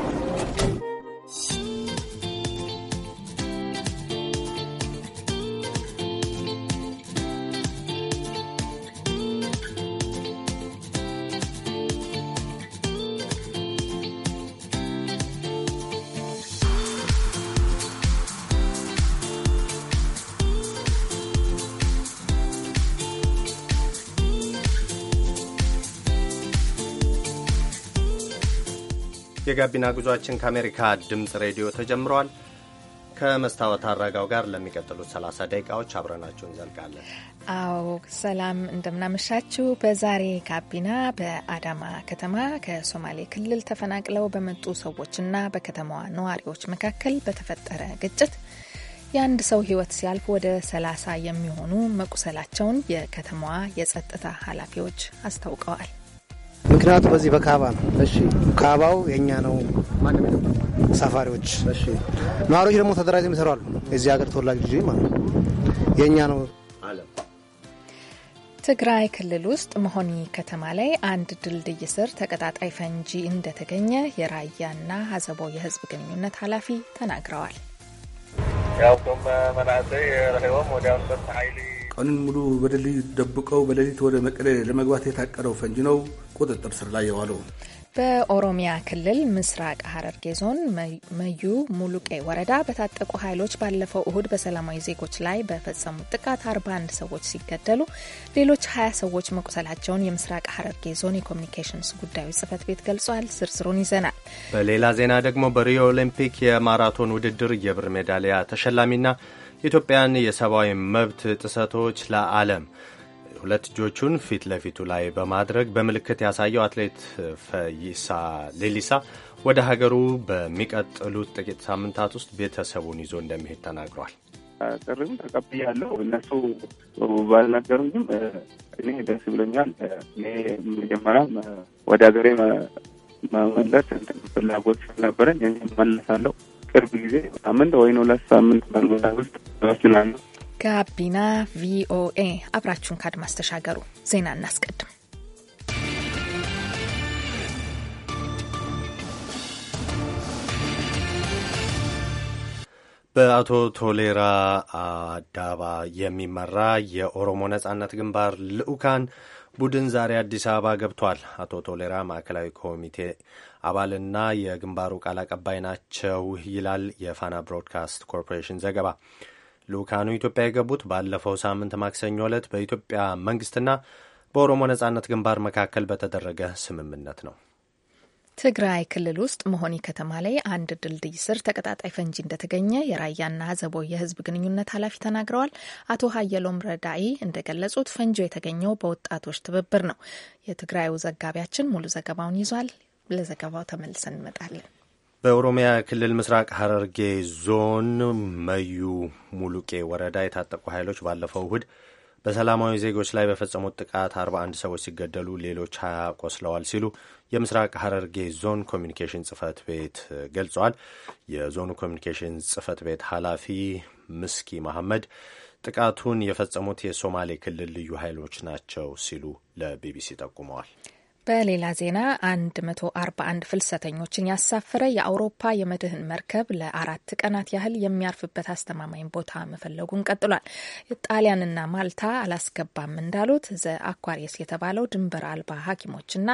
ቪኦኤ አስገባችሁ የጋቢና ጉዟችን ከአሜሪካ ድምፅ ሬዲዮ ተጀምሯል። ከመስታወት አረጋው ጋር ለሚቀጥሉት 30 ደቂቃዎች አብረናችሁ እንዘልቃለን። አዎ ሰላም እንደምናመሻችሁ። በዛሬ ጋቢና በአዳማ ከተማ ከሶማሌ ክልል ተፈናቅለው በመጡ ሰዎችና በከተማዋ ነዋሪዎች መካከል በተፈጠረ ግጭት የአንድ ሰው ሕይወት ሲያልፍ ወደ 30 የሚሆኑ መቁሰላቸውን የከተማዋ የጸጥታ ኃላፊዎች አስታውቀዋል። ምክንያቱ በዚህ በካባ ነው። ካባው የኛ ነው። ሰፋሪዎች ነዋሪዎች ደግሞ ተደራጅ ይሰራሉ። የዚህ ሀገር ተወላጅ ልጅ ማለት ነው። የእኛ ነው። ትግራይ ክልል ውስጥ መሆኒ ከተማ ላይ አንድ ድልድይ ስር ተቀጣጣይ ፈንጂ እንደተገኘ የራያና ሀዘቦ የህዝብ ግንኙነት ኃላፊ ተናግረዋል። ቀኑን ሙሉ በድልድይ ደብቀው በሌሊት ወደ መቀሌ ለመግባት የታቀደው ፈንጂ ነው ቁጥጥር ስር ላይ የዋሉ በኦሮሚያ ክልል ምስራቅ ሐረርጌ ዞን መዩ ሙሉቄ ወረዳ በታጠቁ ኃይሎች ባለፈው እሁድ በሰላማዊ ዜጎች ላይ በፈጸሙት ጥቃት 41 ሰዎች ሲገደሉ ሌሎች 20 ሰዎች መቁሰላቸውን የምስራቅ ሐረርጌ ዞን የኮሚኒኬሽንስ ጉዳዮች ጽህፈት ቤት ገልጿል። ዝርዝሩን ይዘናል። በሌላ ዜና ደግሞ በሪዮ ኦሊምፒክ የማራቶን ውድድር የብር ሜዳሊያ ተሸላሚና ኢትዮጵያን የሰብአዊ መብት ጥሰቶች ለዓለም ሁለት እጆቹን ፊት ለፊቱ ላይ በማድረግ በምልክት ያሳየው አትሌት ፈይሳ ሌሊሳ ወደ ሀገሩ በሚቀጥሉት ጥቂት ሳምንታት ውስጥ ቤተሰቡን ይዞ እንደሚሄድ ተናግሯል። ጥሪም ተቀብያለሁ። እነሱ ባልነገሩኝም እኔ ደስ ብሎኛል። እኔ መጀመሪያም ወደ ሀገሬ መመለስ ፍላጎት ስለነበረኝ እኔ እመለሳለሁ። ቅርብ ጊዜ ሳምንት ወይ ሁለት ሳምንት በንጎዳ ውስጥ ወስናለሁ ጋቢና ቪኦኤ አብራችሁን ከአድማስ ተሻገሩ። ዜና እናስቀድም። በአቶ ቶሌራ አዳባ የሚመራ የኦሮሞ ነጻነት ግንባር ልዑካን ቡድን ዛሬ አዲስ አበባ ገብቷል። አቶ ቶሌራ ማዕከላዊ ኮሚቴ አባልና የግንባሩ ቃል አቀባይ ናቸው ይላል የፋና ብሮድካስት ኮርፖሬሽን ዘገባ። ልኡካኑ ኢትዮጵያ የገቡት ባለፈው ሳምንት ማክሰኞ ዕለት በኢትዮጵያ መንግስትና በኦሮሞ ነጻነት ግንባር መካከል በተደረገ ስምምነት ነው። ትግራይ ክልል ውስጥ መሆኒ ከተማ ላይ አንድ ድልድይ ስር ተቀጣጣይ ፈንጂ እንደተገኘ የራያና ዘቦ የህዝብ ግንኙነት ኃላፊ ተናግረዋል። አቶ ሀየሎም ረዳኢ እንደገለጹት ፈንጂው የተገኘው በወጣቶች ትብብር ነው። የትግራዩ ዘጋቢያችን ሙሉ ዘገባውን ይዟል። ለዘገባው ተመልሰን እንመጣለን። በኦሮሚያ ክልል ምስራቅ ሐረርጌ ዞን መዩ ሙሉቄ ወረዳ የታጠቁ ኃይሎች ባለፈው እሁድ በሰላማዊ ዜጎች ላይ በፈጸሙት ጥቃት 41 ሰዎች ሲገደሉ ሌሎች 20 ቆስለዋል ሲሉ የምስራቅ ሐረርጌ ዞን ኮሚኒኬሽን ጽህፈት ቤት ገልጸዋል። የዞኑ ኮሚኒኬሽን ጽህፈት ቤት ኃላፊ ምስኪ መሐመድ ጥቃቱን የፈጸሙት የሶማሌ ክልል ልዩ ኃይሎች ናቸው ሲሉ ለቢቢሲ ጠቁመዋል። በሌላ ዜና 141 ፍልሰተኞችን ያሳፈረ የአውሮፓ የመድህን መርከብ ለአራት ቀናት ያህል የሚያርፍበት አስተማማኝ ቦታ መፈለጉን ቀጥሏል። ጣሊያንና ማልታ አላስገባም እንዳሉት ዘ አኳሪየስ የተባለው ድንበር አልባ ሐኪሞችና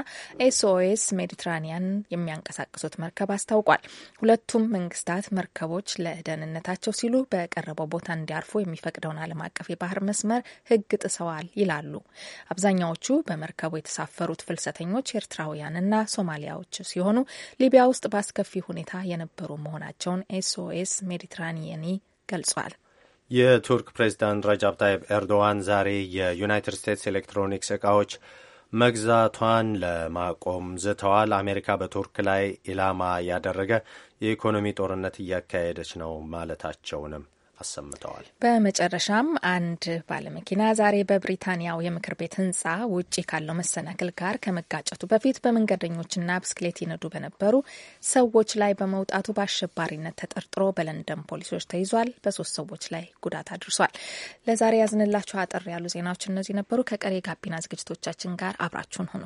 ኤስኦኤስ ሜዲትራኒያን የሚያንቀሳቅሱት መርከብ አስታውቋል። ሁለቱም መንግስታት መርከቦች ለደህንነታቸው ሲሉ በቀረበው ቦታ እንዲያርፉ የሚፈቅደውን ዓለም አቀፍ የባህር መስመር ህግ ጥሰዋል ይላሉ። አብዛኛዎቹ በመርከቡ የተሳፈሩት ፍልሰተ ኤርትራውያን ኤርትራውያንና ሶማሊያዎች ሲሆኑ ሊቢያ ውስጥ በአስከፊ ሁኔታ የነበሩ መሆናቸውን ኤስኦኤስ ሜዲትራኒየኒ ገልጿል። የቱርክ ፕሬዚዳንት ረጃብ ታይብ ኤርዶዋን ዛሬ የዩናይትድ ስቴትስ ኤሌክትሮኒክስ እቃዎች መግዛቷን ለማቆም ዝተዋል። አሜሪካ በቱርክ ላይ ኢላማ ያደረገ የኢኮኖሚ ጦርነት እያካሄደች ነው ማለታቸውንም አሰምተዋል። በመጨረሻም አንድ ባለመኪና ዛሬ በብሪታንያው የምክር ቤት ህንጻ ውጪ ካለው መሰናክል ጋር ከመጋጨቱ በፊት በመንገደኞችና ብስክሌት ይነዱ በነበሩ ሰዎች ላይ በመውጣቱ በአሸባሪነት ተጠርጥሮ በለንደን ፖሊሶች ተይዟል። በሶስት ሰዎች ላይ ጉዳት አድርሷል። ለዛሬ ያዝንላችሁ አጠር ያሉ ዜናዎች እነዚህ ነበሩ። ከቀሪ ጋቢና ዝግጅቶቻችን ጋር አብራችሁን ሁኑ።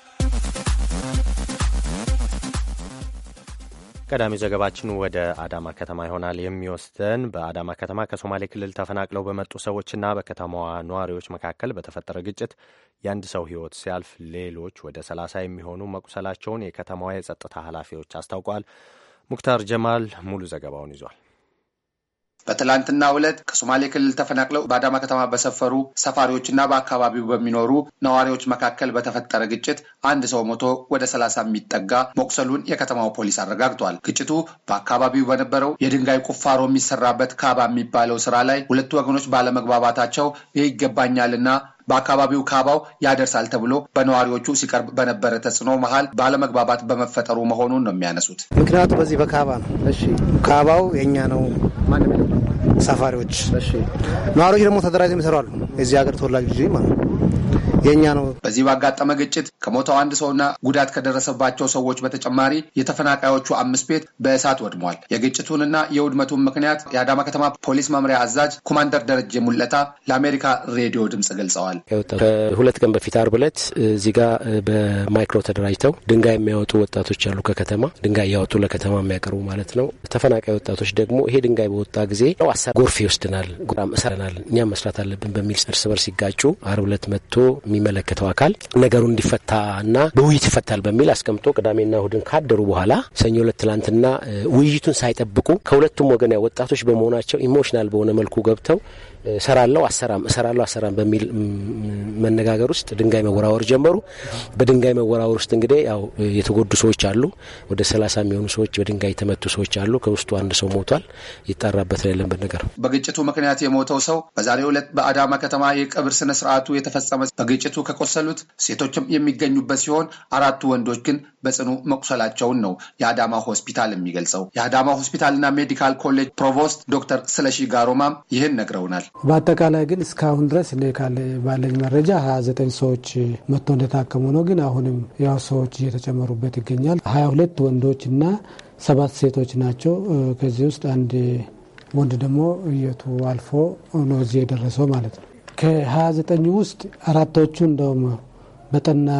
ቀዳሚው ዘገባችን ወደ አዳማ ከተማ ይሆናል የሚወስደን። በአዳማ ከተማ ከሶማሌ ክልል ተፈናቅለው በመጡ ሰዎችና በከተማዋ ነዋሪዎች መካከል በተፈጠረ ግጭት የአንድ ሰው ሕይወት ሲያልፍ ሌሎች ወደ ሰላሳ የሚሆኑ መቁሰላቸውን የከተማዋ የጸጥታ ኃላፊዎች አስታውቋል። ሙክታር ጀማል ሙሉ ዘገባውን ይዟል። በትላንትና ዕለት ከሶማሌ ክልል ተፈናቅለው በአዳማ ከተማ በሰፈሩ ሰፋሪዎችና በአካባቢው በሚኖሩ ነዋሪዎች መካከል በተፈጠረ ግጭት አንድ ሰው ሞቶ ወደ ሰላሳ የሚጠጋ መቁሰሉን የከተማው ፖሊስ አረጋግጧል። ግጭቱ በአካባቢው በነበረው የድንጋይ ቁፋሮ የሚሰራበት ካባ የሚባለው ስራ ላይ ሁለቱ ወገኖች ባለመግባባታቸው ይህ ይገባኛልና በአካባቢው ካባው ያደርሳል ተብሎ በነዋሪዎቹ ሲቀርብ በነበረ ተጽዕኖ መሀል ባለመግባባት በመፈጠሩ መሆኑን ነው የሚያነሱት። ምክንያቱ በዚህ በካባ ነው። እሺ ካባው የእኛ ነው። ሰፋሪዎች ነዋሪዎች ደግሞ ተደራጅተው ይሰራሉ። የዚህ ሀገር ተወላጅ ልጅ ማለት ነው የኛ ነው። በዚህ ባጋጠመ ግጭት ከሞተው አንድ ሰውና ጉዳት ከደረሰባቸው ሰዎች በተጨማሪ የተፈናቃዮቹ አምስት ቤት በእሳት ወድሟል። የግጭቱንና የውድመቱን ምክንያት የአዳማ ከተማ ፖሊስ መምሪያ አዛዥ ኮማንደር ደረጀ ሙለታ ለአሜሪካ ሬዲዮ ድምጽ ገልጸዋል። ከሁለት ቀን በፊት አርብ ዕለት እዚህ ጋር በማይክሮ ተደራጅተው ድንጋይ የሚያወጡ ወጣቶች አሉ። ከከተማ ድንጋይ እያወጡ ለከተማ የሚያቀርቡ ማለት ነው። ተፈናቃይ ወጣቶች ደግሞ ይሄ ድንጋይ በወጣ ጊዜ ጎርፍ ይወስድናል፣ እኛም መስራት አለብን በሚል እርስ በርስ ሲጋጩ አርብ ዕለት መጥቶ የሚመለከተው አካል ነገሩ እንዲፈታና በውይይት ይፈታል በሚል አስቀምጦ ቅዳሜና እሁድን ካደሩ በኋላ ሰኞ ዕለት ትላንትና ውይይቱን ሳይጠብቁ ከሁለቱም ወገን ወጣቶች በመሆናቸው ኢሞሽናል በሆነ መልኩ ገብተው እሰራለሁ አሰራም እሰራለሁ አሰራም በሚል መነጋገር ውስጥ ድንጋይ መወራወር ጀመሩ። በድንጋይ መወራወር ውስጥ እንግዲህ ያው የተጎዱ ሰዎች አሉ። ወደ ሰላሳ የሚሆኑ ሰዎች በድንጋይ የተመቱ ሰዎች አሉ። ከውስጡ አንድ ሰው ሞቷል። ይጣራበት ላይ ያለበት በግጭቱ ምክንያት የሞተው ሰው በዛሬ ዕለት በአዳማ ከተማ የቀብር ስነ ስርዓቱ የተፈጸመ በግጭቱ ከቆሰሉት ሴቶችም የሚገኙበት ሲሆን አራቱ ወንዶች ግን በጽኑ መቁሰላቸውን ነው የአዳማ ሆስፒታል የሚገልጸው። የአዳማ ሆስፒታልና ሜዲካል ኮሌጅ ፕሮቮስት ዶክተር ስለሺ ጋሮማም ይህን ነግረውናል። በአጠቃላይ ግን እስካሁን ድረስ ካለ ባለኝ መረጃ 29 ሰዎች መጥቶ እንደታከሙ ነው። ግን አሁንም ያው ሰዎች እየተጨመሩበት ይገኛል። 22 ወንዶች እና ሰባት ሴቶች ናቸው። ከዚህ ውስጥ አንድ ወንድ ደግሞ እየቱ አልፎ ነው እዚህ የደረሰው ማለት ነው። ከ29 ውስጥ አራቶቹ እንደውም በጠና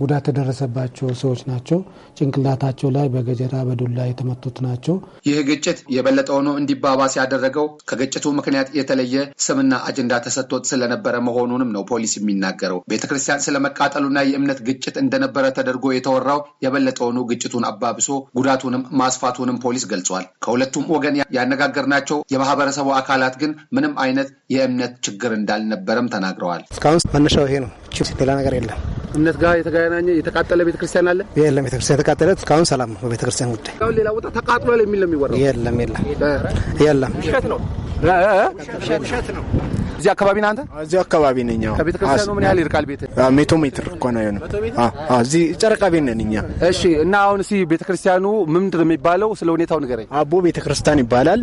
ጉዳት የደረሰባቸው ሰዎች ናቸው። ጭንቅላታቸው ላይ በገጀራ በዱላ የተመቱት ናቸው። ይህ ግጭት የበለጠ ሆኖ እንዲባባስ ያደረገው ከግጭቱ ምክንያት የተለየ ስምና አጀንዳ ተሰጥቶት ስለነበረ መሆኑንም ነው ፖሊስ የሚናገረው። ቤተክርስቲያን ስለመቃጠሉና የእምነት ግጭት እንደነበረ ተደርጎ የተወራው የበለጠ ሆኖ ግጭቱን አባብሶ ጉዳቱንም ማስፋቱንም ፖሊስ ገልጿል። ከሁለቱም ወገን ያነጋገርናቸው የማህበረሰቡ አካላት ግን ምንም አይነት የእምነት ችግር እንዳልነበረም ተናግረዋል። እስካሁን መነሻው ይሄ ነው። ሌላ ነገር የለም። እምነት ጋር የተገናኘ የተቃጠለ ቤተክርስቲያን አለ የለም። ቤተክርስቲያን የተቃጠለ እስካሁን ሰላም ነው። በቤተክርስቲያን ጉዳይ ሁን ሌላ ቦታ ተቃጥሏል የሚል ነው የሚወራው። የለም የለም የለም፣ ውሸት ነው ውሸት ነው። እዚህ አካባቢ ነህ አንተ? እዚህ አካባቢ ነኝ። ከቤተክርስቲያኑ ምን ያህል ይርቃል? ቤት ሜቶ ሜትር እኮ ነው የሆነ። እዚህ ጨረቃ ቤት ነን እኛ። እሺ። እና አሁን እስኪ ቤተክርስቲያኑ ምንድን ነው የሚባለው? ስለ ሁኔታው ንገረኝ። አቦ ቤተክርስቲያን ይባላል።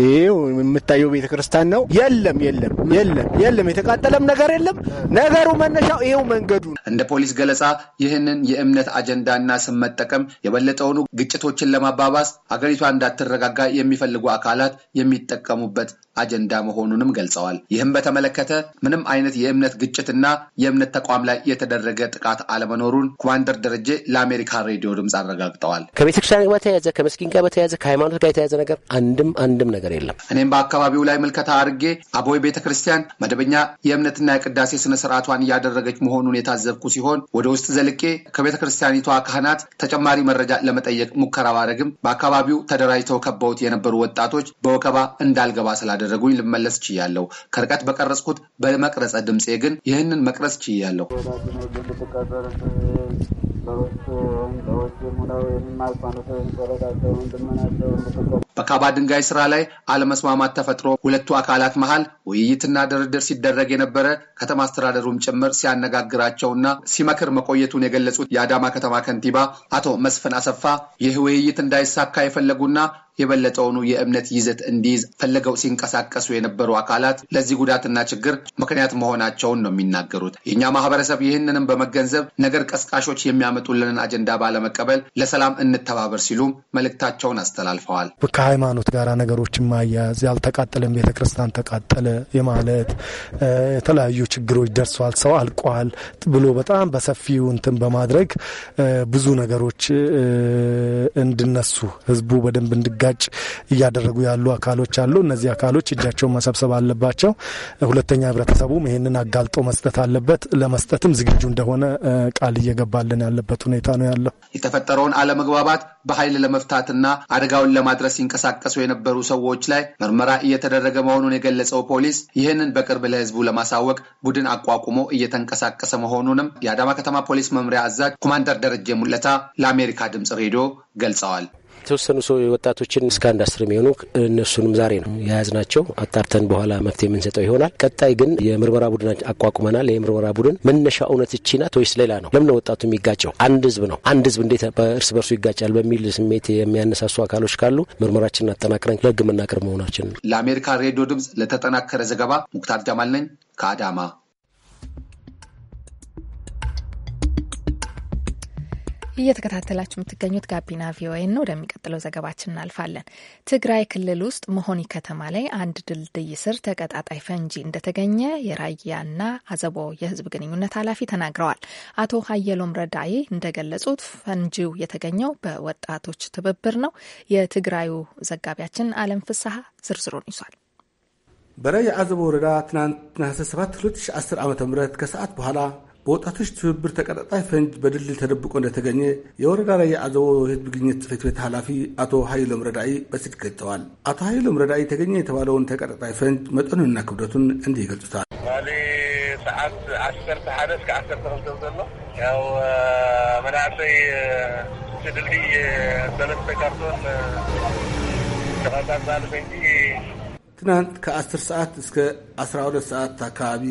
ይሄው የምታየው ቤተ ክርስቲያን ነው። የለም የለም የለም የለም የተቃጠለም ነገር የለም። ነገሩ መነሻው ይሄው መንገዱ። እንደ ፖሊስ ገለጻ ይህንን የእምነት አጀንዳና ስም መጠቀም የበለጠውኑ ግጭቶችን ለማባባስ አገሪቷ እንዳትረጋጋ የሚፈልጉ አካላት የሚጠቀሙበት አጀንዳ መሆኑንም ገልጸዋል። ይህም በተመለከተ ምንም አይነት የእምነት ግጭትና የእምነት ተቋም ላይ የተደረገ ጥቃት አለመኖሩን ኮማንደር ደረጀ ለአሜሪካ ሬዲዮ ድምፅ አረጋግጠዋል። ከቤተክርስቲያን ጋር በተያያዘ ከመስኪን ጋር በተያያዘ ከሃይማኖት ጋር የተያያዘ ነገር አንድም አንድም ነገር የለም። እኔም በአካባቢው ላይ ምልከታ አድርጌ አቦይ ቤተ ክርስቲያን መደበኛ የእምነትና የቅዳሴ ስነ ስርዓቷን እያደረገች መሆኑን የታዘብኩ ሲሆን ወደ ውስጥ ዘልቄ ከቤተ ክርስቲያኒቷ ካህናት ተጨማሪ መረጃ ለመጠየቅ ሙከራ ባረግም በአካባቢው ተደራጅተው ከበውት የነበሩ ወጣቶች በወከባ እንዳልገባ ስላደ ስላደረጉኝ ልመለስ ችያለሁ። ከርቀት በቀረጽኩት በመቅረጸ ድምፄ ግን ይህንን መቅረጽ ችያለሁ። ሰዎች ሰዎች ሆነው የማልፋኑት ወረዳቸው ወንድምናቸው በካባ ድንጋይ ስራ ላይ አለመስማማት ተፈጥሮ ሁለቱ አካላት መሀል ውይይትና ድርድር ሲደረግ የነበረ ከተማ አስተዳደሩም ጭምር ሲያነጋግራቸውና ሲመክር መቆየቱን የገለጹት የአዳማ ከተማ ከንቲባ አቶ መስፍን አሰፋ ይህ ውይይት እንዳይሳካ የፈለጉና የበለጠውኑ የእምነት ይዘት እንዲይዝ ፈለገው ሲንቀሳቀሱ የነበሩ አካላት ለዚህ ጉዳትና ችግር ምክንያት መሆናቸውን ነው የሚናገሩት። የእኛ ማህበረሰብ ይህንንም በመገንዘብ ነገር ቀስቃሾች የሚያመጡልንን አጀንዳ ባለመቀበል ለሰላም እንተባበር ሲሉም መልእክታቸውን አስተላልፈዋል። ከሃይማኖት ጋር ነገሮችን ማያያዝ ያልተቃጠለን ቤተ ክርስቲያን ተቃጠለ የማለት የተለያዩ ችግሮች ደርሷል፣ ሰው አልቋል ብሎ በጣም በሰፊው እንትን በማድረግ ብዙ ነገሮች እንዲነሱ ህዝቡ በደንብ እንድጋጭ እያደረጉ ያሉ አካሎች አሉ። እነዚህ አካሎች እጃቸውን መሰብሰብ አለባቸው። ሁለተኛ ህብረተሰቡም ይህንን አጋልጦ መስጠት አለበት። ለመስጠትም ዝግጁ እንደሆነ ቃል እየገባልን ያለበት ሁኔታ ነው ያለው። የተፈጠረውን አለመግባባት በኃይል ለመፍታትና አደጋውን ለማድረስ ይንቀ ሲንቀሳቀሱ የነበሩ ሰዎች ላይ ምርመራ እየተደረገ መሆኑን የገለጸው ፖሊስ ይህንን በቅርብ ለህዝቡ ለማሳወቅ ቡድን አቋቁሞ እየተንቀሳቀሰ መሆኑንም የአዳማ ከተማ ፖሊስ መምሪያ አዛዥ ኮማንደር ደረጀ ሙለታ ለአሜሪካ ድምፅ ሬዲዮ ገልጸዋል። የተወሰኑ ሰው ወጣቶችን እስከ አንድ አስር የሚሆኑ እነሱንም ዛሬ ነው የያዝናቸው። አጣርተን በኋላ መፍትሄ የምንሰጠው ይሆናል። ቀጣይ ግን የምርመራ ቡድን አቋቁመናል። የምርመራ ቡድን መነሻ እውነት እቺ ናት ወይስ ሌላ ነው? ለምን ወጣቱ የሚጋጨው? አንድ ህዝብ ነው። አንድ ህዝብ እንዴት በእርስ በርሱ ይጋጫል? በሚል ስሜት የሚያነሳሱ አካሎች ካሉ ምርመራችንን አጠናክረን ለህግ መናቅር መሆናችን ነው። ለአሜሪካ ሬዲዮ ድምፅ ለተጠናከረ ዘገባ ሙክታር ጀማል ነኝ ከአዳማ እየተከታተላችሁ የምትገኙት ጋቢና ቪኦኤ ነው። ወደሚቀጥለው ዘገባችን እናልፋለን። ትግራይ ክልል ውስጥ መሆኒ ከተማ ላይ አንድ ድልድይ ስር ተቀጣጣይ ፈንጂ እንደተገኘ የራያና አዘቦ የህዝብ ግንኙነት ኃላፊ ተናግረዋል። አቶ ሀየሎም ረዳዬ እንደገለጹት ፈንጂው የተገኘው በወጣቶች ትብብር ነው። የትግራዩ ዘጋቢያችን አለም ፍስሐ ዝርዝሩን ይዟል። በራያ አዘቦ ወረዳ ትናንት ነሐሴ 7 2010 ዓ ም ከሰዓት በኋላ በወጣቶች ትብብር ተቀጣጣይ ፈንጅ በድልድል ተደብቆ እንደተገኘ የወረዳ ላይ የአዘቦ የህዝብ ግኝት ጽፈት ቤት ኃላፊ አቶ ሀይሎም ረዳኢ በስድ ገልጸዋል። አቶ ሀይሎም ረዳኢ ተገኘ የተባለውን ተቀጣጣይ ፈንጅ መጠኑንና ክብደቱን እንዲህ ይገልጹታል። ሰዓት ዓሰርተ ሓደ እስከ ዓሰርተ ክልተ ዘሎ ያው መናእሰይ እቲ ድልድይ ሰለስተ ካርቶን ፈንጂ ትናንት ከ10 ሰዓት እስከ 12 ሰዓት አካባቢ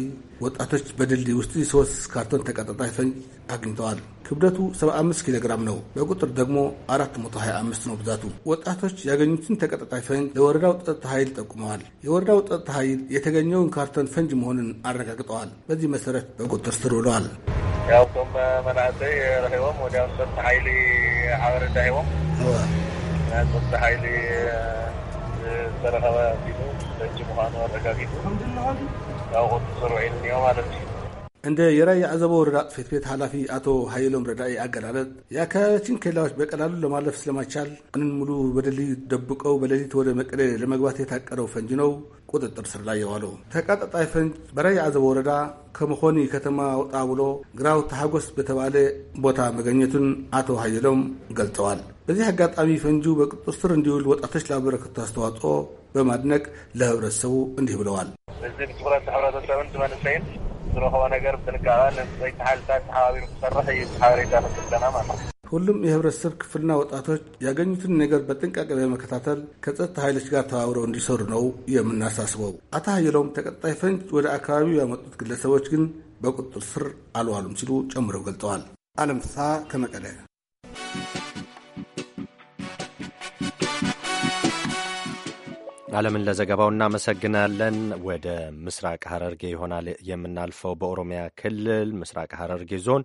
ወጣቶች በድልድይ ውስጥ ሶስት ካርቶን ተቀጣጣይ ፈንጅ አግኝተዋል። ክብደቱ 75 ኪሎ ግራም ነው። በቁጥር ደግሞ 425 ነው ብዛቱ። ወጣቶች ያገኙትን ተቀጣጣይ ፈንጅ ለወረዳው ጸጥታ ኃይል ጠቁመዋል። የወረዳው ጸጥታ ኃይል የተገኘውን ካርቶን ፈንጅ መሆኑን አረጋግጠዋል። በዚህ መሰረት በቁጥር ስር ውለዋል። ያውቶም መናእሰይ ረሂቦም ወዲያው ጸጥታ ኃይል ሓበሬ ሂቦም ጸጥታ ኃይል ዝተረኸበ ፊቱ ፈንጅ ምኳኑ አረጋጊጡ እንደ የራያ አዘቦ ወረዳ ጽሕፈት ቤት ኃላፊ አቶ ሀይሎም ረዳኢ አገላለጥ የአካባቢያችን ኬላዎች በቀላሉ ለማለፍ ስለማይቻል ቀንን ሙሉ በሌሊት ደብቀው በሌሊት ወደ መቀሌ ለመግባት የታቀደው ፈንጅ ነው ቁጥጥር ስር ላይ የዋለው። ተቃጣጣይ ፈንጅ በራያ አዘቦ ወረዳ ከመኾኒ ከተማ ወጣ ብሎ ግራው ተሐጎስ በተባለ ቦታ መገኘቱን አቶ ሀይሎም ገልጸዋል። በዚህ አጋጣሚ ፈንጁ በቁጥጥር ስር እንዲውል ወጣቶች ላበረከቱ አስተዋጽኦ በማድነቅ ለህብረተሰቡ እንዲህ ብለዋል። እዚህ ትኩረት ሕብረተሰብን ትመንሰይን ዝረኸቦ ነገር ብጥንቃቐ ንዘይተሓልታት ተሓባቢሩ ክሰርሕ እዩ ሓበሬታ ንክብለና ማለት እዩ ሁሉም የህብረተሰብ ክፍልና ወጣቶች ያገኙትን ነገር በጥንቃቄ በመከታተል ከጸጥታ ኃይሎች ጋር ተባብረው እንዲሰሩ ነው የምናሳስበው። አቶ ሀየሎም ተቀጣይ ፈንጅ ወደ አካባቢው ያመጡት ግለሰቦች ግን በቁጥጥር ስር አልዋሉም ሲሉ ጨምረው ገልጠዋል። አለም ፍስሐ ከመቀለ ዓለምን ለዘገባው እናመሰግናለን። ወደ ምስራቅ ሀረርጌ ይሆናል የምናልፈው። በኦሮሚያ ክልል ምስራቅ ሀረርጌ ዞን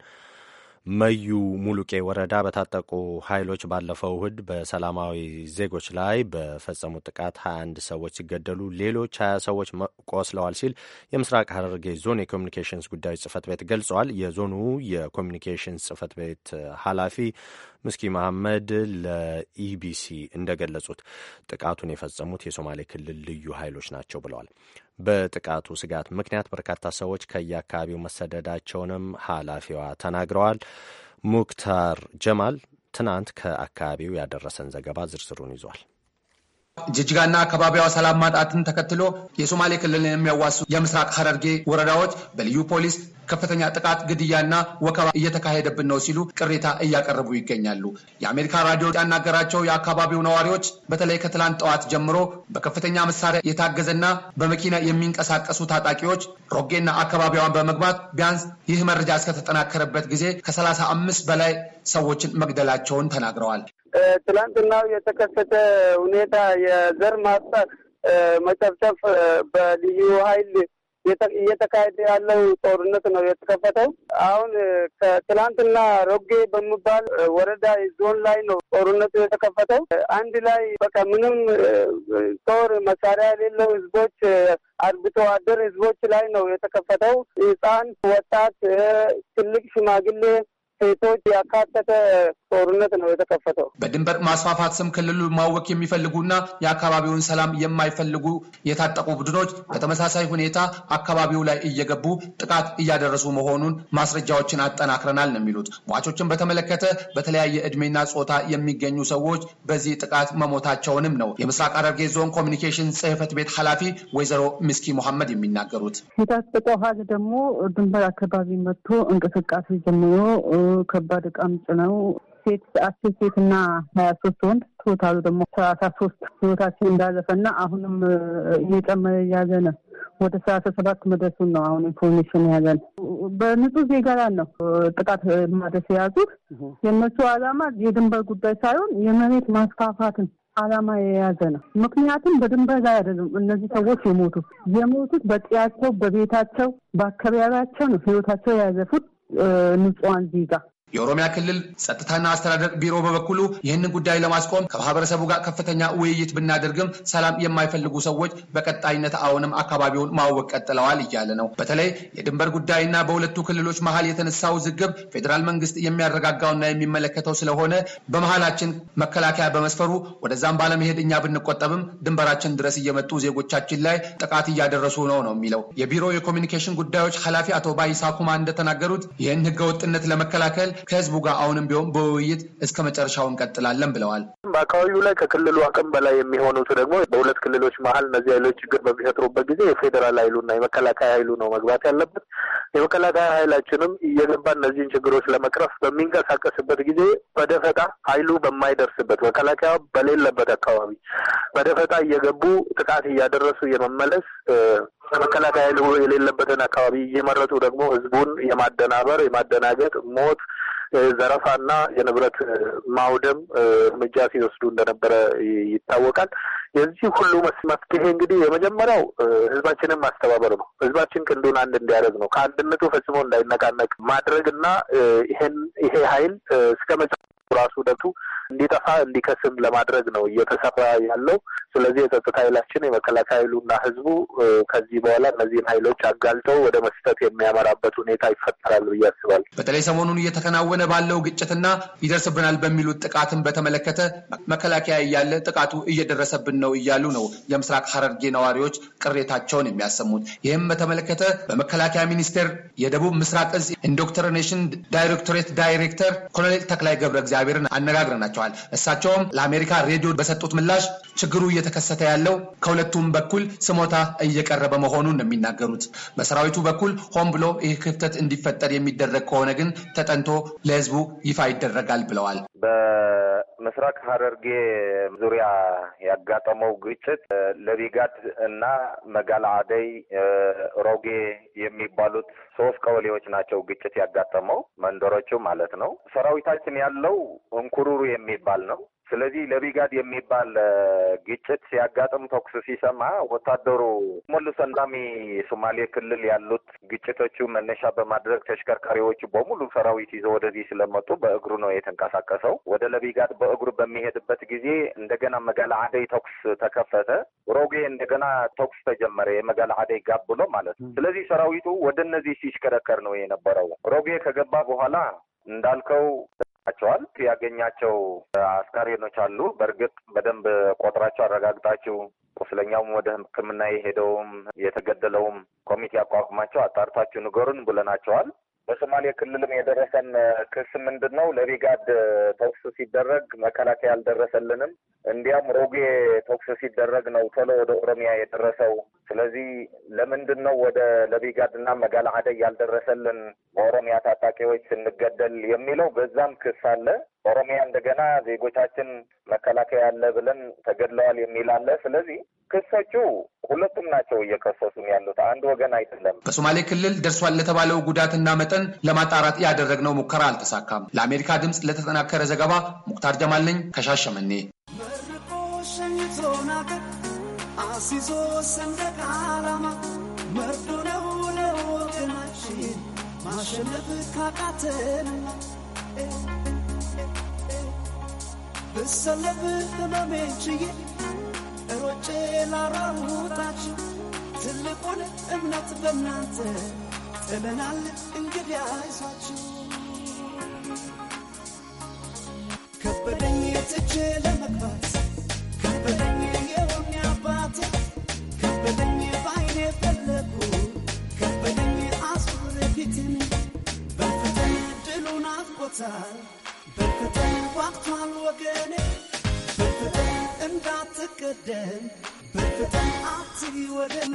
መዩ ሙሉቄ ወረዳ በታጠቁ ኃይሎች ባለፈው እሁድ በሰላማዊ ዜጎች ላይ በፈጸሙት ጥቃት 21 ሰዎች ሲገደሉ ሌሎች 20 ሰዎች ቆስለዋል ሲል የምስራቅ ሐረርጌ ዞን የኮሚኒኬሽንስ ጉዳዮች ጽህፈት ቤት ገልጿል። የዞኑ የኮሚኒኬሽንስ ጽህፈት ቤት ኃላፊ ምስኪ መሐመድ ለኢቢሲ እንደገለጹት ጥቃቱን የፈጸሙት የሶማሌ ክልል ልዩ ኃይሎች ናቸው ብለዋል። በጥቃቱ ስጋት ምክንያት በርካታ ሰዎች ከየአካባቢው መሰደዳቸውንም ኃላፊዋ ተናግረዋል። ሙክታር ጀማል ትናንት ከአካባቢው ያደረሰን ዘገባ ዝርዝሩን ይዟል። ጅጅጋና አካባቢዋ ሰላም ማጣትን ተከትሎ የሶማሌ ክልልን የሚያዋሱ የምስራቅ ሀረርጌ ወረዳዎች በልዩ ፖሊስ ከፍተኛ ጥቃት፣ ግድያና ወከባ እየተካሄደብን ነው ሲሉ ቅሬታ እያቀረቡ ይገኛሉ። የአሜሪካ ራዲዮ ያናገራቸው የአካባቢው ነዋሪዎች በተለይ ከትላንት ጠዋት ጀምሮ በከፍተኛ መሳሪያ የታገዘና በመኪና የሚንቀሳቀሱ ታጣቂዎች ሮጌና አካባቢዋን በመግባት ቢያንስ ይህ መረጃ እስከተጠናከረበት ጊዜ ከሰላሳ አምስት በላይ ሰዎችን መግደላቸውን ተናግረዋል። ትላንትናው የተከሰተ ሁኔታ የዘር ማጥፋት መጨፍጨፍ በልዩ ኃይል እየተካሄደ ያለው ጦርነት ነው የተከፈተው። አሁን ከትላንትና ሮጌ በሚባል ወረዳ ዞን ላይ ነው ጦርነቱ የተከፈተው። አንድ ላይ በቃ ምንም ጦር መሳሪያ የሌለው ህዝቦች፣ አርብቶ አደር ህዝቦች ላይ ነው የተከፈተው። ህፃን፣ ወጣት፣ ትልቅ፣ ሽማግሌ፣ ሴቶች ያካተተ ጦርነት ነው የተከፈተው። በድንበር ማስፋፋት ስም ክልሉ ማወክ የሚፈልጉና የአካባቢውን ሰላም የማይፈልጉ የታጠቁ ቡድኖች በተመሳሳይ ሁኔታ አካባቢው ላይ እየገቡ ጥቃት እያደረሱ መሆኑን ማስረጃዎችን አጠናክረናል ነው የሚሉት። ሟቾችን በተመለከተ በተለያየ እድሜና ጾታ የሚገኙ ሰዎች በዚህ ጥቃት መሞታቸውንም ነው የምስራቅ ሐረርጌ ዞን ኮሚኒኬሽን ጽህፈት ቤት ኃላፊ ወይዘሮ ምስኪ መሐመድ የሚናገሩት። የታጠቀው ኃይል ደግሞ ድንበር አካባቢ መጥቶ እንቅስቃሴ ጀምሮ ከባድ ዕቃም ጭነው ሴት አስር ሴት እና ሀያ ሶስት ወንድ ቶታሉ ደግሞ ሰላሳ ሶስት ህይወታችን እንዳለፈና አሁንም እየጨመረ እያለ ነው። ወደ ሰላሳ ሰባት መድረሱን ነው አሁን ኢንፎርሜሽን ያዘን። በንጹህ ዜጋ ላይ ነው ጥቃት ማድረስ የያዙት። የእነሱ አላማ የድንበር ጉዳይ ሳይሆን የመሬት ማስፋፋትን አላማ የያዘ ነው። ምክንያቱም በድንበር ላይ አይደሉም እነዚህ ሰዎች የሞቱት የሞቱት በጤያቸው፣ በቤታቸው፣ በአካባቢያቸው ነው ህይወታቸው የያዘፉት ንጹዋን ዜጋ የኦሮሚያ ክልል ጸጥታና አስተዳደር ቢሮ በበኩሉ ይህንን ጉዳይ ለማስቆም ከማህበረሰቡ ጋር ከፍተኛ ውይይት ብናደርግም ሰላም የማይፈልጉ ሰዎች በቀጣይነት አሁንም አካባቢውን ማወቅ ቀጥለዋል እያለ ነው። በተለይ የድንበር ጉዳይና በሁለቱ ክልሎች መሀል የተነሳው ውዝግብ ፌዴራል መንግስት የሚያረጋጋውና የሚመለከተው ስለሆነ በመሀላችን መከላከያ በመስፈሩ ወደዛም ባለመሄድ እኛ ብንቆጠብም ድንበራችን ድረስ እየመጡ ዜጎቻችን ላይ ጥቃት እያደረሱ ነው ነው የሚለው የቢሮ የኮሚኒኬሽን ጉዳዮች ኃላፊ አቶ ባይሳኩማ እንደተናገሩት ይህን ህገወጥነት ለመከላከል ከህዝቡ ጋር አሁንም ቢሆን በውይይት እስከ መጨረሻው እንቀጥላለን ብለዋል። በአካባቢው ላይ ከክልሉ አቅም በላይ የሚሆኑት ደግሞ በሁለት ክልሎች መሀል እነዚህ ኃይሎች ችግር በሚፈጥሩበት ጊዜ የፌዴራል ኃይሉና የመከላከያ ኃይሉ ነው መግባት ያለበት። የመከላከያ ኃይላችንም እየገባ እነዚህን ችግሮች ለመቅረፍ በሚንቀሳቀስበት ጊዜ በደፈጣ ኃይሉ በማይደርስበት መከላከያ በሌለበት አካባቢ በደፈጣ እየገቡ ጥቃት እያደረሱ የመመለስ መከላከያ ኃይሉ የሌለበትን አካባቢ እየመረጡ ደግሞ ህዝቡን የማደናበር የማደናገጥ ሞት ዘረፋና የንብረት ማውደም እርምጃ ሲወስዱ እንደነበረ ይታወቃል። የዚህ ሁሉ መፍትሄ እንግዲህ የመጀመሪያው ህዝባችንን ማስተባበር ነው። ህዝባችን ቅንዱን አንድ እንዲያደርግ ነው። ከአንድነቱ ፈጽሞ እንዳይነቃነቅ ማድረግና ይሄን ይሄ ሀይል እስከ መጫ ራሱ ደቱ እንዲጠፋ እንዲከስም ለማድረግ ነው እየተሰራ ያለው። ስለዚህ የጸጥታ ኃይላችን የመከላከያ ኃይሉና ህዝቡ ከዚህ በኋላ እነዚህን ኃይሎች አጋልጠው ወደ መስጠት የሚያመራበት ሁኔታ ይፈጠራል ብዬ አስባለሁ። በተለይ ሰሞኑን እየተከናወነ ባለው ግጭትና ይደርስብናል በሚሉት ጥቃትን በተመለከተ መከላከያ እያለ ጥቃቱ እየደረሰብን ነው እያሉ ነው የምስራቅ ሀረርጌ ነዋሪዎች ቅሬታቸውን የሚያሰሙት። ይህም በተመለከተ በመከላከያ ሚኒስቴር የደቡብ ምስራቅ እዝ ኢንዶክትሪኔሽን ዳይሬክቶሬት ዳይሬክተር ኮሎኔል ተክላይ ገብረ እግዚአብሔርን አነጋግረናቸው ተሰምቷል። እሳቸውም ለአሜሪካ ሬዲዮ በሰጡት ምላሽ ችግሩ እየተከሰተ ያለው ከሁለቱም በኩል ስሞታ እየቀረበ መሆኑን ነው የሚናገሩት። በሰራዊቱ በኩል ሆን ብሎ ይህ ክፍተት እንዲፈጠር የሚደረግ ከሆነ ግን ተጠንቶ ለህዝቡ ይፋ ይደረጋል ብለዋል። በምስራቅ ሀረርጌ ዙሪያ ያጋጠመው ግጭት ለቢጋድ እና መጋል አደይ ሮጌ የሚባሉት ሶስት ቀበሌዎች ናቸው። ግጭት ያጋጠመው መንደሮቹ ማለት ነው። ሰራዊታችን ያለው እንኩሩሩ የሚ የሚባል ነው። ስለዚህ ለቢጋድ የሚባል ግጭት ሲያጋጥም ተኩስ ሲሰማ ወታደሩ ሞሉ ሰንዳሚ ሶማሌ ክልል ያሉት ግጭቶቹ መነሻ በማድረግ ተሽከርካሪዎቹ በሙሉ ሰራዊት ይዘው ወደዚህ ስለመጡ በእግሩ ነው የተንቀሳቀሰው። ወደ ለቢጋድ በእግሩ በሚሄድበት ጊዜ እንደገና መጋላ አደይ ተኩስ ተከፈተ። ሮጌ እንደገና ተኩስ ተጀመረ። የመጋላ አደይ ጋብ ብሎ ማለት ነው። ስለዚህ ሰራዊቱ ወደ እነዚህ ሲሽከረከር ነው የነበረው። ሮጌ ከገባ በኋላ እንዳልከው ቸዋል ያገኛቸው አስከሬኖች አሉ። በእርግጥ በደንብ ቆጥራቸው አረጋግጣችሁ ቁስለኛውም ወደ ሕክምና የሄደውም የተገደለውም ኮሚቴ አቋቁማቸው አጣርታችሁ ንገሩን ብለናቸዋል። በሶማሌ ክልልም የደረሰን ክስ ምንድን ነው? ለቢጋድ ተኩስ ሲደረግ መከላከያ አልደረሰልንም። እንዲያም ሮጌ ተኩስ ሲደረግ ነው ቶሎ ወደ ኦሮሚያ የደረሰው። ስለዚህ ለምንድን ነው ወደ ለብጋድ እና መጋላ አደይ ያልደረሰልን በኦሮሚያ ታጣቂዎች ስንገደል የሚለው በዛም ክስ አለ። ኦሮሚያ እንደገና ዜጎቻችን መከላከያ አለ ብለን ተገድለዋል የሚል አለ። ስለዚህ ክሶቹ ሁለቱም ናቸው እየከሰሱም ያሉት አንድ ወገን አይደለም። በሶማሌ ክልል ደርሷል ለተባለው ጉዳትና መጠን ለማጣራት ያደረግነው ሙከራ አልተሳካም። ለአሜሪካ ድምፅ ለተጠናከረ ዘገባ ሙክታር ጀማል ነኝ ከሻሸመኔ። ማሸነፍ ብሰለብህ ህመሜ ችዬ ሮጬ ላራሩታችሁ ትልቁን እምነት በእናንተ ጥለናል እንግዲህ አይዟችሁ። ከበደኝ ትቼ ለመግባት ከበደኝ የሆኔ አባት ከበደኝ ባይኔ ፈለግኩ ከበደኝ አስኩር ፊትን በፈተን ድሉን አፍቆታል በርትተህ ዋቅቷል ወገኔ በርትተህ እንዳትቀደም በርትተህ አትይ ወደኔ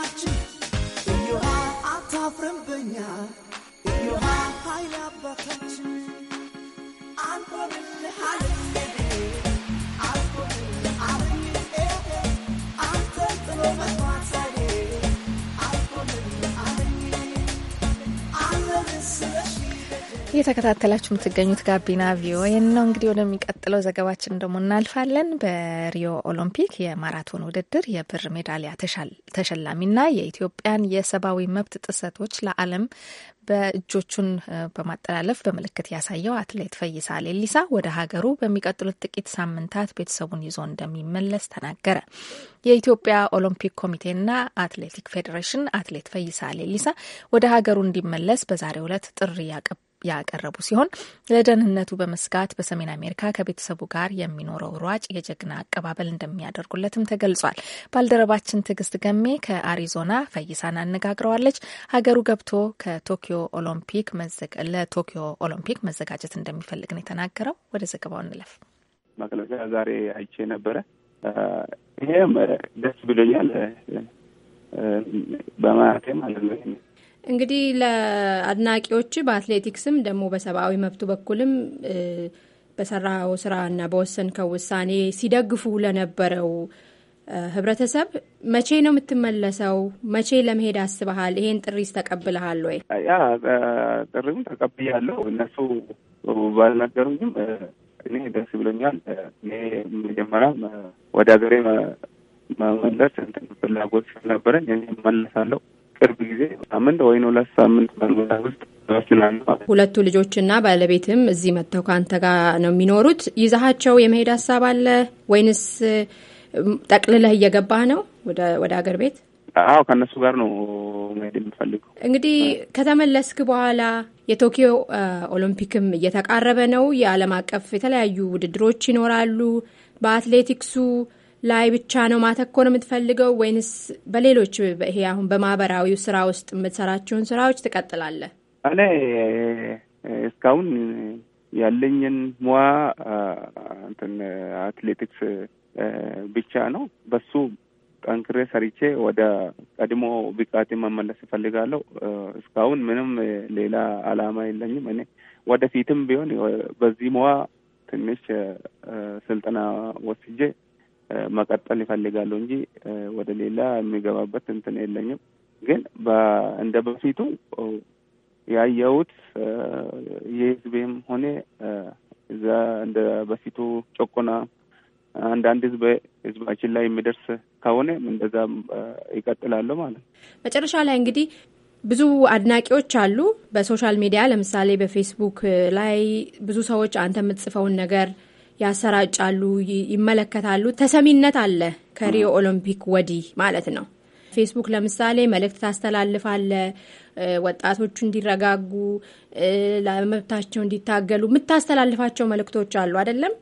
holler, እየተከታተላችሁ የምትገኙት ጋቢና ቪኦኤ ነው። እንግዲህ ወደሚቀጥለው ዘገባችን ደግሞ እናልፋለን። በሪዮ ኦሎምፒክ የማራቶን ውድድር የብር ሜዳሊያ ተሸላሚና የኢትዮጵያን የሰብአዊ መብት ጥሰቶች ለዓለም በእጆቹን በማጠላለፍ በምልክት ያሳየው አትሌት ፈይሳ ሌሊሳ ወደ ሀገሩ በሚቀጥሉት ጥቂት ሳምንታት ቤተሰቡን ይዞ እንደሚመለስ ተናገረ። የኢትዮጵያ ኦሎምፒክ ኮሚቴና አትሌቲክ ፌዴሬሽን አትሌት ፈይሳ ሌሊሳ ወደ ሀገሩ እንዲመለስ በዛሬው ዕለት ጥሪ ያቀብ ያቀረቡ ሲሆን ለደህንነቱ በመስጋት በሰሜን አሜሪካ ከቤተሰቡ ጋር የሚኖረው ሯጭ የጀግና አቀባበል እንደሚያደርጉለትም ተገልጿል። ባልደረባችን ትዕግስት ገሜ ከአሪዞና ፈይሳን አነጋግረዋለች። ሀገሩ ገብቶ ከቶኪዮ ኦሎምፒክ ለቶኪዮ ኦሎምፒክ መዘጋጀት እንደሚፈልግ ነው የተናገረው። ወደ ዘገባው እንለፍ። ማቅለቢያ ዛሬ አይቼ ነበረ። ይሄም ደስ ብሎኛል በማያቴ ማለት ነው እንግዲህ ለአድናቂዎች በአትሌቲክስም ደግሞ በሰብአዊ መብቱ በኩልም በሰራው ስራ እና በወሰንከው ውሳኔ ሲደግፉ ለነበረው ህብረተሰብ መቼ ነው የምትመለሰው? መቼ ለመሄድ አስበሃል? ይሄን ጥሪስ ተቀብለሃል ወይ? ያ ጥሪም ተቀብያለሁ። እነሱ ባልነገሩም ግን እኔ ደስ ብሎኛል። እኔ መጀመሪያም ወደ ሀገሬ መመለስ ፍላጎት ስለነበረኝ እኔ እመለሳለሁ። በቅርብ ጊዜ ሳምንት ወይም ሁለት ሳምንት ባልሞላ ውስጥ ሁለቱ ልጆችና ባለቤትም እዚህ መጥተው ከአንተ ጋር ነው የሚኖሩት። ይዛሃቸው የመሄድ ሀሳብ አለ ወይንስ ጠቅልለህ እየገባህ ነው ወደ ሀገር ቤት? አዎ ከእነሱ ጋር ነው መሄድ የምፈልገው። እንግዲህ ከተመለስክ በኋላ የቶኪዮ ኦሎምፒክም እየተቃረበ ነው። የዓለም አቀፍ የተለያዩ ውድድሮች ይኖራሉ በአትሌቲክሱ ላይ ብቻ ነው ማተኮር የምትፈልገው ወይንስ በሌሎች ይሄ አሁን በማህበራዊው ስራ ውስጥ የምትሰራቸውን ስራዎች ትቀጥላለህ? እኔ እስካሁን ያለኝን ሙያ እንትን አትሌቲክስ ብቻ ነው። በሱ ጠንክሬ ሰርቼ ወደ ቀድሞ ብቃቴ መመለስ እፈልጋለሁ። እስካሁን ምንም ሌላ አላማ የለኝም። እኔ ወደፊትም ቢሆን በዚህ ሙያ ትንሽ ስልጠና ወስጄ መቀጠል ይፈልጋሉ እንጂ ወደ ሌላ የሚገባበት እንትን የለኝም። ግን እንደ በፊቱ ያየሁት የህዝቤም ሆነ እዛ እንደ በፊቱ ጭቆና አንዳንድ ህዝብ ህዝባችን ላይ የሚደርስ ከሆነ እንደዛ ይቀጥላሉ ማለት ነው። መጨረሻ ላይ እንግዲህ ብዙ አድናቂዎች አሉ በሶሻል ሚዲያ ለምሳሌ በፌስቡክ ላይ ብዙ ሰዎች አንተ የምትጽፈውን ነገር ያሰራጫሉ፣ ይመለከታሉ። ተሰሚነት አለ ከሪዮ ኦሎምፒክ ወዲህ ማለት ነው። ፌስቡክ ለምሳሌ መልእክት ታስተላልፋለ ወጣቶቹ እንዲረጋጉ ለመብታቸው እንዲታገሉ የምታስተላልፋቸው መልእክቶች አሉ አይደለም?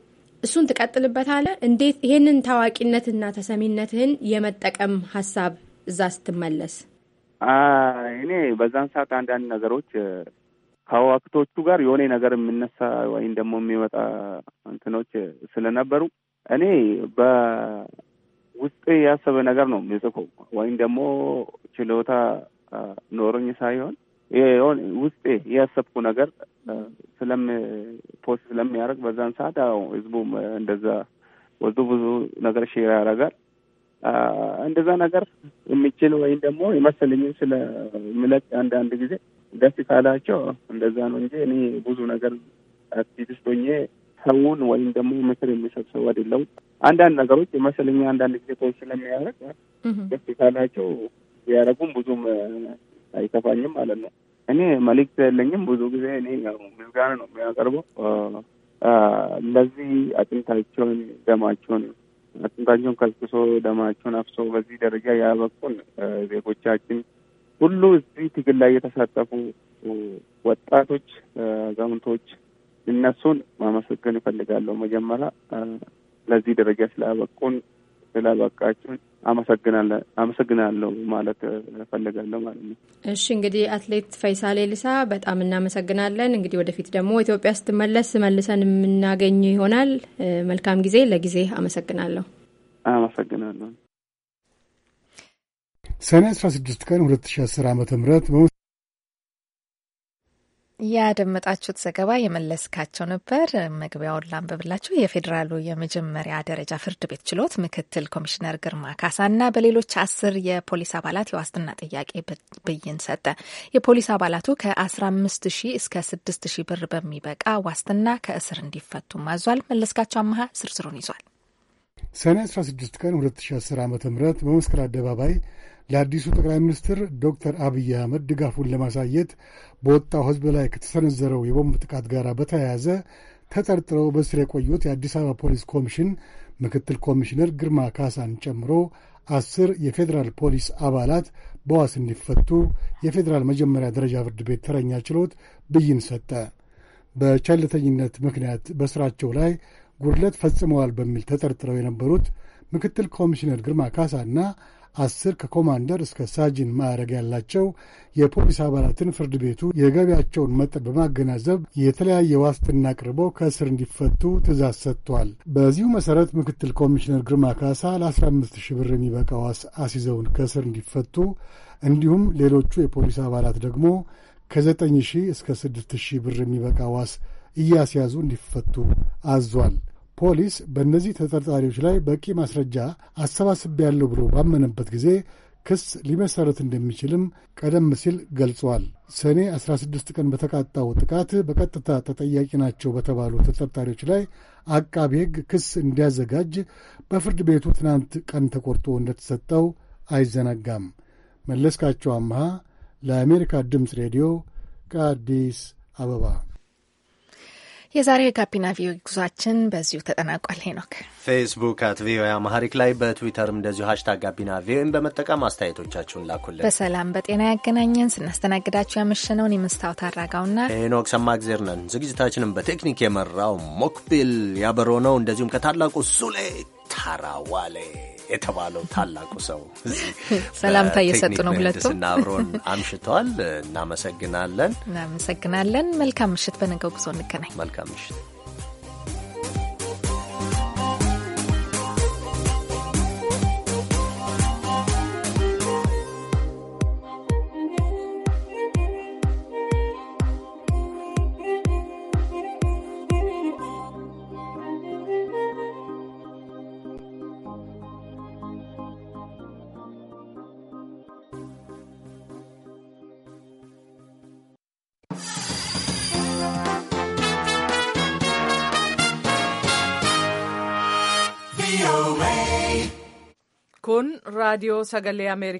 እሱን ትቀጥልበታለ። እንዴት ይሄንን ታዋቂነትና ተሰሚነትህን የመጠቀም ሀሳብ እዛ ስትመለስ? እኔ በዛን ሰዓት አንዳንድ ነገሮች ከወቅቶቹ ጋር የሆነ ነገር የምነሳ ወይም ደግሞ የሚመጣ እንትኖች ስለነበሩ እኔ በውስጤ ያሰበ ነገር ነው የምጽፈው ወይም ደግሞ ችሎታ ኖሮኝ ሳይሆን ውስጤ ያሰብኩ ነገር ስለም ፖስት ስለሚያደርግ በዛን ሰዓት ያው ህዝቡም እንደዛ ወዙ ብዙ ነገር ሼር ያደርጋል። እንደዛ ነገር የሚችል ወይም ደግሞ ይመስልኝ ስለ ስለምለቅ አንዳንድ ጊዜ ደስ ካላቸው እንደዛ ነው እንጂ እኔ ብዙ ነገር አክቲቪስት ሆኜ ሰውን ወይም ደግሞ ምክር የሚሰጥ ሰው አይደለሁም። አንዳንድ ነገሮች ይመስለኛል አንዳንድ ጊዜ ሰዎች ስለሚያደርግ ደስ ካላቸው ቢያደርጉም ብዙም አይከፋኝም ማለት ነው። እኔ መልእክት የለኝም። ብዙ ጊዜ እኔ ምስጋና ነው የሚያቀርበው። እንደዚህ አጥንታቸውን ደማቸውን አጥንታቸውን ከልክሶ ደማቸውን አፍሶ በዚህ ደረጃ ያበቁን ዜጎቻችን ሁሉ እዚህ ትግል ላይ የተሳተፉ ወጣቶች፣ አዛውንቶች እነሱን ማመሰገን እፈልጋለሁ። መጀመሪያ ለዚህ ደረጃ ስላበቁን ስላበቃችሁን አመሰግናለሁ ማለት እፈልጋለሁ ማለት ነው። እሺ እንግዲህ አትሌት ፈይሳ ሌሊሳ በጣም እናመሰግናለን። እንግዲህ ወደፊት ደግሞ ኢትዮጵያ ስትመለስ መልሰን የምናገኙ ይሆናል። መልካም ጊዜ። ለጊዜ አመሰግናለሁ። አመሰግናለሁ። ሰኔ 16 ቀን 2010 ዓ ም ያደመጣችሁት ዘገባ የመለስካቸው ነበር። መግቢያውን ላንብብላችሁ። የፌዴራሉ የመጀመሪያ ደረጃ ፍርድ ቤት ችሎት ምክትል ኮሚሽነር ግርማ ካሳና በሌሎች አስር የፖሊስ አባላት የዋስትና ጥያቄ ብይን ሰጠ። የፖሊስ አባላቱ ከ15 ሺህ እስከ 6 ሺህ ብር በሚበቃ ዋስትና ከእስር እንዲፈቱ ማዟል። መለስካቸው አመሀ ዝርዝሩን ይዟል። ሰኔ 16 ቀን 2010 ዓ ም በመስቀል አደባባይ ለአዲሱ ጠቅላይ ሚኒስትር ዶክተር አብይ አህመድ ድጋፉን ለማሳየት በወጣው ህዝብ ላይ ከተሰነዘረው የቦምብ ጥቃት ጋር በተያያዘ ተጠርጥረው በስር የቆዩት የአዲስ አበባ ፖሊስ ኮሚሽን ምክትል ኮሚሽነር ግርማ ካሳን ጨምሮ አስር የፌዴራል ፖሊስ አባላት በዋስ እንዲፈቱ የፌዴራል መጀመሪያ ደረጃ ፍርድ ቤት ተረኛ ችሎት ብይን ሰጠ። በቸልተኝነት ምክንያት በስራቸው ላይ ጉድለት ፈጽመዋል በሚል ተጠርጥረው የነበሩት ምክትል ኮሚሽነር ግርማ ካሳና አስር ከኮማንደር እስከ ሳጅን ማዕረግ ያላቸው የፖሊስ አባላትን ፍርድ ቤቱ የገቢያቸውን መጠን በማገናዘብ የተለያየ ዋስትና አቅርበው ከእስር እንዲፈቱ ትእዛዝ ሰጥቷል። በዚሁ መሠረት ምክትል ኮሚሽነር ግርማ ካሳ ለ15 ሺህ ብር የሚበቃ ዋስ አስይዘውን ከእስር እንዲፈቱ እንዲሁም ሌሎቹ የፖሊስ አባላት ደግሞ ከ9 ሺህ እስከ 6 ሺህ ብር የሚበቃ ዋስ እያስያዙ እንዲፈቱ አዟል። ፖሊስ በእነዚህ ተጠርጣሪዎች ላይ በቂ ማስረጃ ያለው ብሎ ባመነበት ጊዜ ክስ ሊመሠረት እንደሚችልም ቀደም ሲል ገልጿል። ሰኔ 16 ቀን በተቃጣው ጥቃት በቀጥታ ተጠያቂ ናቸው በተባሉ ተጠርጣሪዎች ላይ አቃቢ ሕግ ክስ እንዲያዘጋጅ በፍርድ ቤቱ ትናንት ቀን ተቆርጦ እንደተሰጠው አይዘነጋም። መለስካቸው አምሃ ለአሜሪካ ድምፅ ሬዲዮ ከአዲስ አበባ የዛሬ የጋቢና ቪዮ ጉዟችን በዚሁ ተጠናቋል። ሄኖክ ፌስቡክ አት ቪዮ አማሪክ ላይ በትዊተርም እንደዚሁ ሀሽታግ ጋቢና ቪዮን በመጠቀም አስተያየቶቻችሁን ላኩልን። በሰላም በጤና ያገናኘን። ስናስተናግዳችሁ ያመሸነውን የመስታወት አራጋውና ሄኖክ ሰማግዜር ነን። ዝግጅታችንም በቴክኒክ የመራው ሞክቢል ያበሮ ነው። እንደዚሁም ከታላቁ ሱሌ ታራዋሌ የተባለው ታላቁ ሰው ሰላምታ እየሰጡ ነው። ሁለቱም እና አብሮን አምሽተዋል። እናመሰግናለን፣ እናመሰግናለን። መልካም ምሽት። በነገው ጉዞ እንገናኝ። መልካም ምሽት። Radio Sagalee Amerikaa